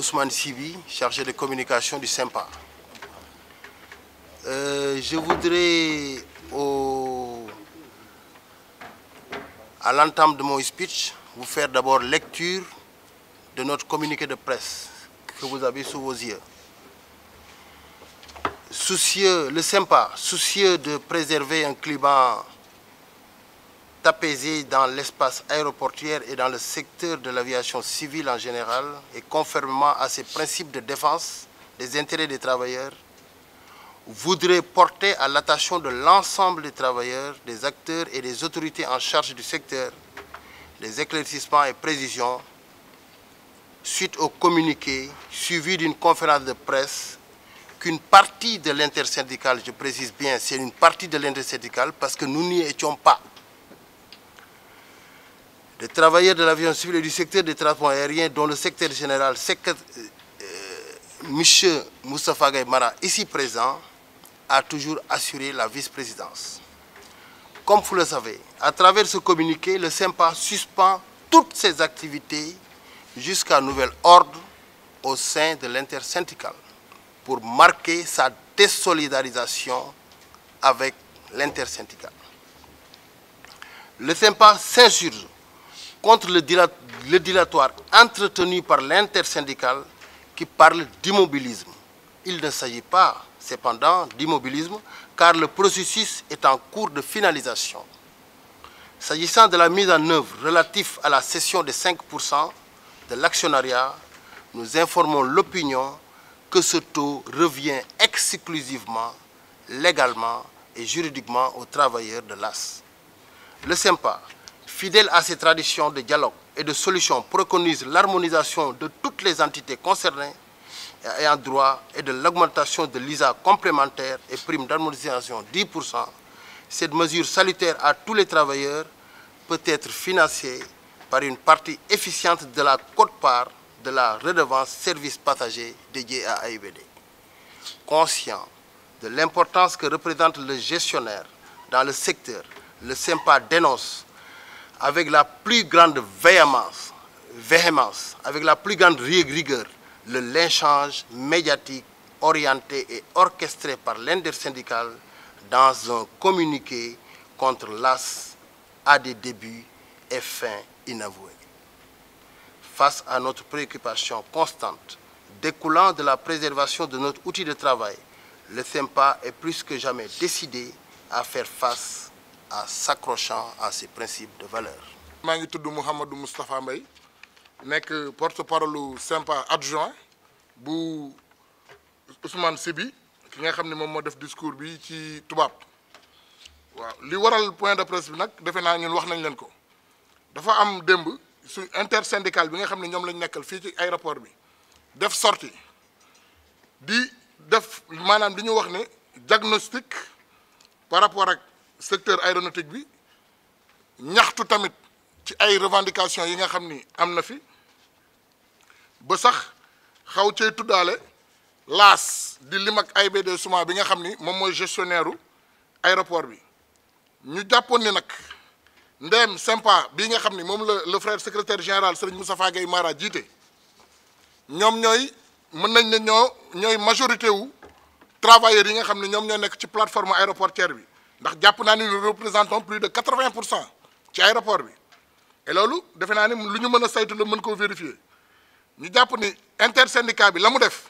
Ousmane Sibi, chargé de communication du SEMPA. Euh, je voudrais, au, à l'entame de mon speech, vous faire d'abord lecture de notre communiqué de presse que vous avez sous vos yeux. le SEMPA, soucieux de préserver un climat d'apaiser dans l'espace aéroportuaire et dans le secteur de l'aviation civile en général et conformément à ses principes de défense des intérêts des travailleurs, voudrait porter à l'attention de l'ensemble des travailleurs, des acteurs et des autorités en charge du secteur les éclaircissements et précisions suite au communiqué suivi d'une conférence de presse qu'une partie de l'intersyndicale, je précise bien, c'est une partie de l'intersyndicale parce que nous n'y étions des travailleurs de l'avion civil et du secteur des transports aériens, dont le secteur général secteur, euh, M. Moustapha Gaïmara, ici présent, a toujours assuré la vice-présidence. Comme vous le savez, à travers ce communiqué, le SEMPA suspend toutes ses activités jusqu'à nouvel ordre au sein de l'intersyndicale pour marquer sa désolidarisation avec l'intersyndicale. Le SEMPA s'insurge contre le, dilat le dilatoire entretenu par l'intersyndicale qui parle d'immobilisme. Il ne s'agit pas cependant d'immobilisme car le processus est en cours de finalisation. S'agissant de la mise en œuvre relative à la cession des 5% de l'actionnariat, nous informons l'opinion que ce taux revient exclusivement, légalement et juridiquement aux travailleurs de l'AS. Le SEMPA fidèle à ses traditions de dialogue et de solution, préconise l'harmonisation de toutes les entités concernées et en droit et de l'augmentation de l'ISA complémentaire et prime d'harmonisation 10%. Cette mesure salutaire à tous les travailleurs peut être financée par une partie efficiente de la quote-part de la redevance service passager dédiée à AIBD. Conscient de l'importance que représente le gestionnaire dans le secteur, le SEMPA dénonce avec la plus grande véhémence, avec la plus grande rigueur, le lynchage médiatique orienté et orchestré par l'intersyndicale dans un communiqué contre l'AS à des débuts et fins inavoués. Face à notre préoccupation constante découlant de la préservation de notre outil de travail, le SEMPA est plus que jamais décidé à faire en s'accrochant à ses principes de valeur. maa ngi tudd Mouhamadou Moustapha Mbaye nekk porte-parole Sympa adjoint bu Ousmane Sibi ki nga xam ne moom moo def discours bi ci tubaab waaw li waral point de presse bi nag defe naa ñun wax nañ leen ko dafa am démb su intersyndical bi nga xam ne ñoom lañ nekkal fii ci aéroport bi def sorti di def maanaam di ñu wax ne diagnostic par rapport ak. secteur aéronautique bi ñaxtu tamit ci ay revendications yi nga xam ni am na fi ba sax xaw cay tuddaale laas di ay ak AIBD suma bi nga xam ni moom mooy gestionnaire u aéroport bi ñu jàppoon ni nag ndeem sympa bii nga xam ni moom la le frère secrétaire général Serigne Moustapha Gueye Mara jiite ñoom ñooy mën nañ ne ñoo ñooy majorité wu travailleurs yi nga xam ne ñoom ñoo nekk ci plateforme aéroportière bi ndax jàpp naa ni nous représentons de quatre-vingt pour cent ci aéroport bi loolu defe naa ni lu ñu mën a saytu la mën koo vérifier ñu jàpp ni intersyndicat bi la mu def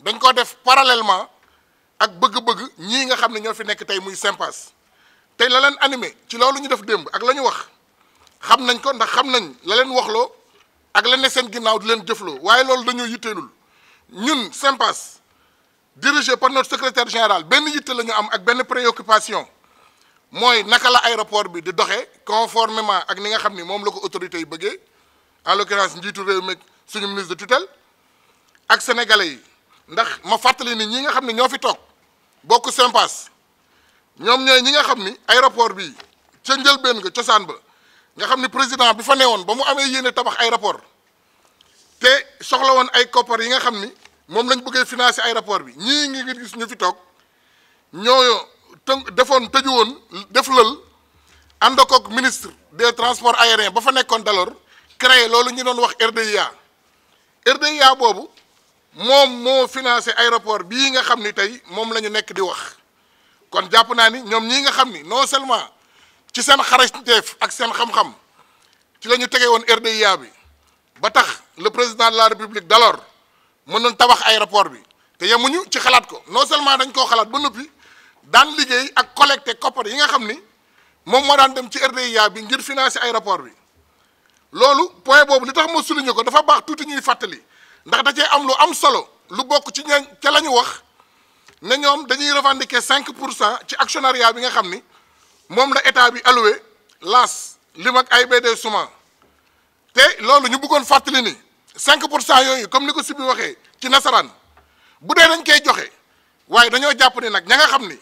dañ koo def parallèlement ak bëgg-bëgg ñii nga xam ne ñoo fi nekk tey muy SYMPAS tey la leen animé ci loolu ñu def démb ak la ñu wax xam nañ ko ndax xam nañ la leen waxloo ak la ne seen ginnaaw di leen jëfloo waaye loolu dañoo yitteelul ñun SYMPAS dirigé par notre secretaire général benn yitte la ñu am ak benn préoccupation mooy naka la aéroport bi di doxee conformément ak ni nga xam ni moom la ko autorités yi bëggee en l'occurrence njiitu réew mi suñu ministre de tutelle ak sénégalais yi ndax ma fàttali ni ñi nga xam ne ñoo fi toog bokk SYMPAS ñoom ñooy ñi nga xam ni aéroport bi ca njëlbéen nga cosaan ba nga xam ni président bi fa newoon ba mu amee yéene tabax aéroport te soxla woon ay koppar yi nga xam ni moom lañ bëggee financer aéroport bi ñii ngi gis ñu fi toog ñoo tënk defoon tëju woon def lël ànd ak ministre des transport aériens ba fa nekkoon dalor créé loolu ñu doon wax RDIA RDIA boobu moom moo financé aéroport bii nga xam ni tey moom la ñu nekk di wax kon jàpp naa ni ñoom ñi nga xam ni non seulement ci seen xarañteef ak seen xam-xam ci lañu tegee woon RDIA bi ba tax le président de la république d'alors mënoon tabax aéroport bi te yemuñu ci xalaat ko non seulement dañ koo xalaat ba noppi daan liggéey ak collecte koppar yi nga xam ni moom moo daan dem ci RDIA bi ngir financer aéroport bi loolu point boobu li tax ma souligner ko dafa baax tuuti ñuy fàttali ndax da cee am lu am solo lu bokk ci ña ca la ñu wax ne ñoom dañuy revendiquer cinq pour cent ci actionnariat bi nga xam ni moom la état bi alloué LAS lim ak AIBD Suma te loolu ñu buggoon fàttali ni cinq pour cent yooyu comme ni ko si waxee ci nasaraan bu dee dañ koy joxe waaye dañoo jàpp ni nag ña nga xam ni.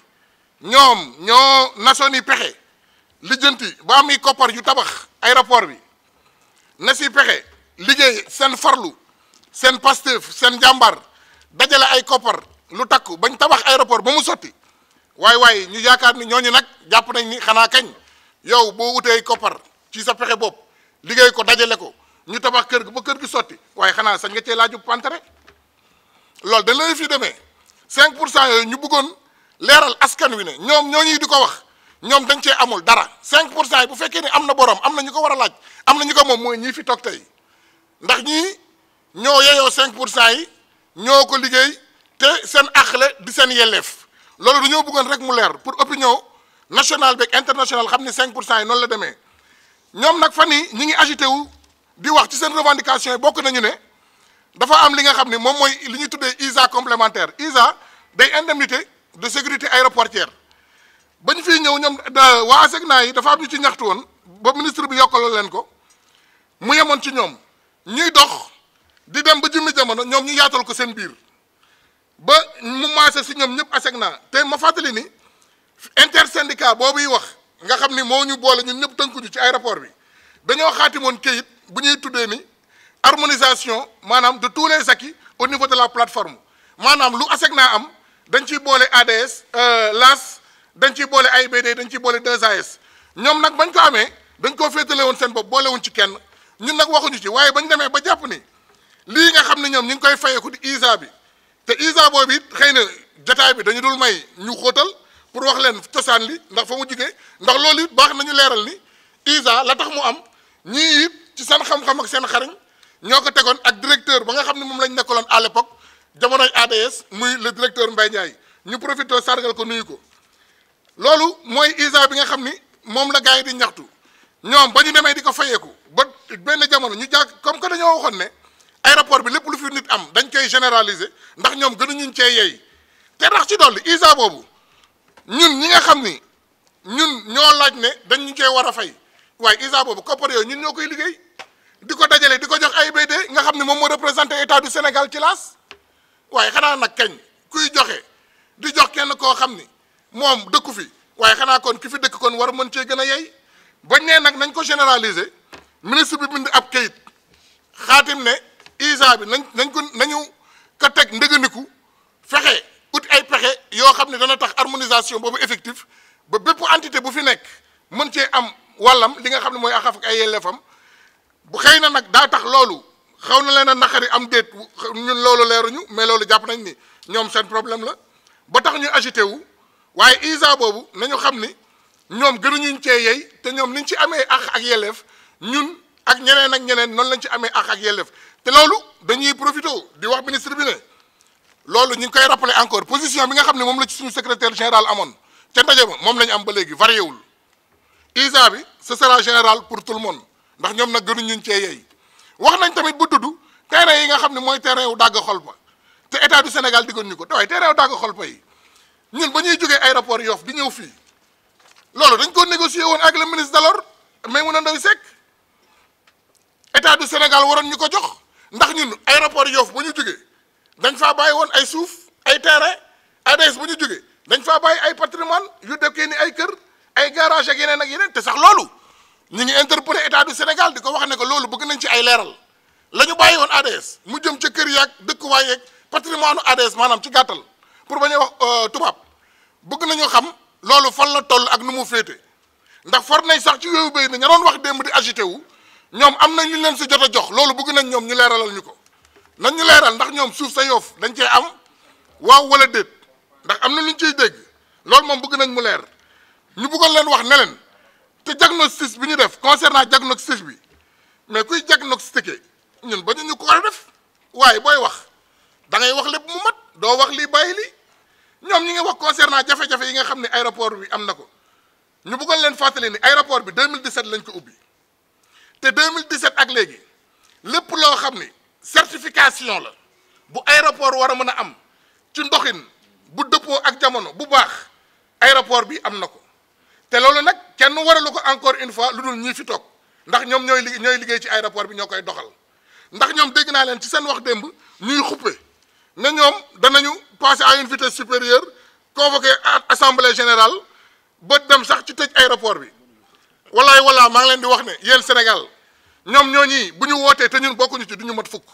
ñoom ñoo nations yi pexe lijjanti ba am i koppar yu tabax aéroport bi na si pexe liggéey seen farlu seen Pastef seen jàmbaar dajale ay koppar lu takku bañ tabax aéroport ba mu sotti waaye waaye ñu yaakaar ni ñooñu nag jàpp nañ ni xanaa kañ yow boo wutee koppar ci sa pexe bopp liggéey ko dajale ko ñu tabax kër gi ba kër gi sotti waaye xanaa sañ nga cee laaju pantere loolu dañ lay fi demee 5 pour cent yooyu ñu buggoon leeral askan wi ne ñoom ñoo ñuy di ko wax ñoom dañ cee amul dara cinq pour cent yi bu fekkee ni am na borom am na ñu ko war a laaj am na ñu ko moom mooy ñii fi toog tey ndax ñii ñoo yeyoo 5 pour cent yi ñoo ko liggéey te seen àqle di seen yelleef loolu dañoo buggoon rek mu leer pour opinion nationale beek internationale xam ni cinq pour cent yi noonu la demee ñoom nag fan yi ñi ngi agité wu di wax ci seen revendication yi bokk nañu ne dafa am li nga xam ni moom mooy li ñuy tuddee ISA complémentaire ISA day indemnité. de sécurité aéroportière ba ñu fiy ñëw ñoom waa ASECNA yi dafa am ñu ci ñaxtu woon ba ministre bi yokkaloo leen ko mu yemoon ci ñoom ñuy dox di dem ba jëmmi jamono ñoom ñu yaatal ko seen biir ba mu maase si ñoom ñëpp ASECNA te ma fàttali ni boobu yi wax nga xam ni moo ñu boole ñun ñëpp tënkuñu ci aéroport bi dañoo xaatimoon kayit bu ñuy tuddee ni harmonisation maanaam de tous les acquis au niveau de la plateforme maanaam lu ASECNA am. dañ ciy boole ADS euh, LAS dañ ciy boole AIBD dañ ciy boole 2AS ñoom nag bañ ko amee dañ koo féetale woon seen bopp boole wuñ ci kenn ñun nag waxuñu ci waaye bañ demee ba jàpp ni lii nga xam ne ñoom ñu ngi koy fayeeku di ISA bi te ISA boobu it xëy na jotaay bi dañu dul may ñu xóotal pour wax leen cosaan li ndax fa mu jugee ndax loolu it baax nañu leeral ni ISA la tax mu am ñii it ci seen xam-xam ak seen xariñ ñoo ko tegoon ak directeur ba nga xam ne moom lañ nekkaloon à l'époque jamonoy ADS muy le directeur mbay Ndiaye ñu profité sargal ko nuyu ko loolu mooy ISRA bi nga xam ni moom la gars yi di ñaxtu ñoom ba ñu demee di ko fayeeku ba benn jamono ñu jàpp comme que dañoo waxoon ne aéroport bi lépp lu fi nit am dañ koy généraliser ndax ñoom gënuñu cee yey te rax ci dolli ISRA boobu ñun ñi nga xam ni ñun ñoo laaj ne dañ ñu cee war a fay waaye ISRA boobu koppar yooyu ñun ñoo koy liggéey di ko dajale di ko jox AIBD nga xam ne moom moo représenté état du Sénégal ci laas. waaye xanaa nag kañ kuy joxe di jox kenn koo xam ni moom dëkku fi waaye xanaa kon ki fi dëkk kon war mën cee gën a yey bañ nee nag nañ ko généraliser ministre bi bind ab kayit xaatim ne ISRA bi nañ nañ ko nañu ko teg ndëgëniku fexe ut ay pexe yoo xam ne dana tax harmonisation boobu effectif ba bépp entité bu fi nekk mën cee am wallam li nga xam ne mooy axaf ak ay yelleefam bu xëy na nag daa tax loolu. xaw na leen a naqari am déet ñun loolu leeruñu mais loolu jàpp nañ ni ñoom seen problème la ba tax ñu agité wu waaye ISRA boobu nañu xam ni ñoom gënuñuñ cee yey te ñoom niñ ci amee ak ak yelleef ñun ak ñeneen ak ñeneen noonu lañ ci amee ak ak yelleef te loolu dañuy profité di wax ministre bi ne loolu ñu ngi koy rappeler encore position bi nga xam ne moom la ci suñu secrétaire général amoon ca ndaje ma moom lañu am ba léegi varié wul ISRA bi ce sera général pour tout le monde ndax ñoom nag gënuñuñ cee yey wax nañ tamit bu dudd terrain yi nga xam ne mooy terrain wu dàgg xolpa te état du Sénégal diggoon ñu ko te waaye terrain wu dàgg xolpa yi ñun ba ñuy jógee aéroport Yoff di ñëw fii loolu dañ ko négocier woon ak le ministre mun a Ndoye Seck état du Sénégal waroon ñu ko jox ndax ñun aéroport Yoff ba ñu jógee dañ faa bàyyi woon ay suuf ay terrain ADS bu ñu jógee dañ faa bàyyi ay patrimoine yu dëkkee ni ay kër ay garage ak yeneen ak yeneen te sax loolu ñu ngi interpellé Sénégal di ko wax ne ko loolu bëgg nañ ci ay leeral la ñu bàyyi woon ADS mu jëm ca kër yaag dëkkuwaay yeeg patrimoine u ADS maanaam ci gàttal pour ba a wax euh, tubaab bëgg nañu xam loolu fan la toll ak nu mu féete ndax for nañ sax ci yooyu béy na ña doon wax démb di agité wu ñoom am nañ ñu leen si jot jox loolu bëgg nañ ñoom ñu leeralal ko nañ ñu leeral ndax ñoom suuf sa yoof dañ cee am waaw wala déet ndax am na lu ñu ciy dégg loolu moom bëgg nañ mu leer ñu bëggoon leen wax ne te diagnostic bi ñu def concernant diagnostic bi mais kuy diagnostiqué ñun ba ñu ñu ko war def waaye booy wax da ngay wax lépp mu mat doo wax lii bàyyi lii ñoom ñi ngi wax concernant jafe-jafe yi nga xam ne aéroport bi am na ko ñu bëggoon leen fàttali ni aéroport bi 2017 lañ ko ubbi te mille 2017 ak léegi lépp loo xam ni certification la bu aéroport war a mën a am ci ndoxin bu dëppoo ak jamono bu baax aéroport bi am na ko te loolu nag kenn waralu ko encore une fois lu dul ñii fi toog ndax ñoom ñooy li ñooy liggéey ci aéroport bi ñoo koy doxal ndax ñoom dégg naa leen ci seen wax démb ñuy xuppe ne ñoom danañu passer à une vitesse supérieure convoqué assemblée générale ba dem sax ci tëj aéroport bi walaay walaa maa ngi leen di wax ne yéen Sénégal ñoom ñoo ñii bu ñu wootee te ñun bokkuñu ci du ñu mat fukk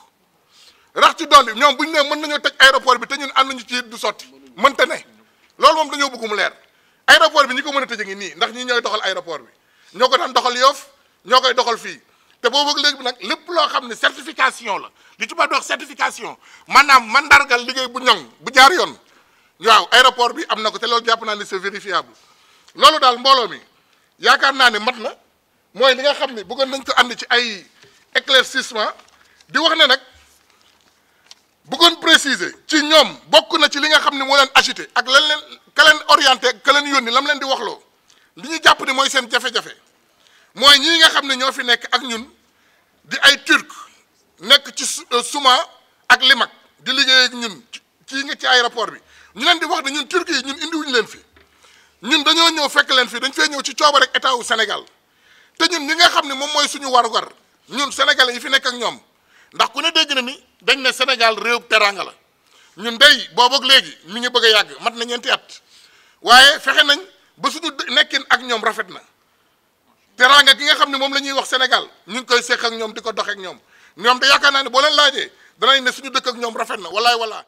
rax ci dolli ñoom bu ñu nee mën nañoo tëj aéroport bi te ñun am nañu ci du sotti mënta ne loolu moom dañoo bëgg mu leer. aéroport bi ñi ko mën a tëj a ngi nii ndax ñu ñooy doxal aéroport bi ñoo ko daan doxal yoof ñoo koy doxal fii te boobu ak léegi nag lépp loo xam ne certification la li tubaab di wax certification maanaam mandargal liggéey bu ñoŋ bu jaar yoon waaw aéroport bi am na ko te lool jàpp naa ne c'est vérifiable loolu daal mbooloo mi yaakaar naa ne mat na mooy li nga xam ne buggoon nañ ko ànd ci ay éclaircissement di wax ne nag bëggoon préciser ci ñoom bokk na ci li nga xam ne moo leen agité ak lan leen ka leen orienté ka leen yónni lam leen di waxloo li ñu jàpp ni mooy seen jafe-jafe mooy ñii nga xam ne ñoo fi nekk ak ñun di ay turc nekk ci euh, suma ak limak di liggéey ak ñun ci nga ci aéroport bi ñu leen di wax ne ñun ñun indiwuñu leen fi ñun dañoo ñëw fekk leen fi dañ fee ñëw ci cooba rek état wu Sénégal te ñun ñi nga xam ne moom mooy suñu war-war ñun sénégalais yi fi nekk ak ñoom ndax ku ne dégg na mi dañ ne Sénégal réew teranga la ñun day boobu ak léegi mi ngi bëgg a yàgg mat na ñeenti at. waaye fexe nañ ba suñu nekkin ak ñoom rafet na teraanga gi nga xam ni moom la ñuy wax Sénégal ñu ngi koy seq ak ñoom di ko dox ñoom ñoom da yaakaar naa ne boo leen laajee danañ ne suñu dëkk ak ñoom rafet na walaay wala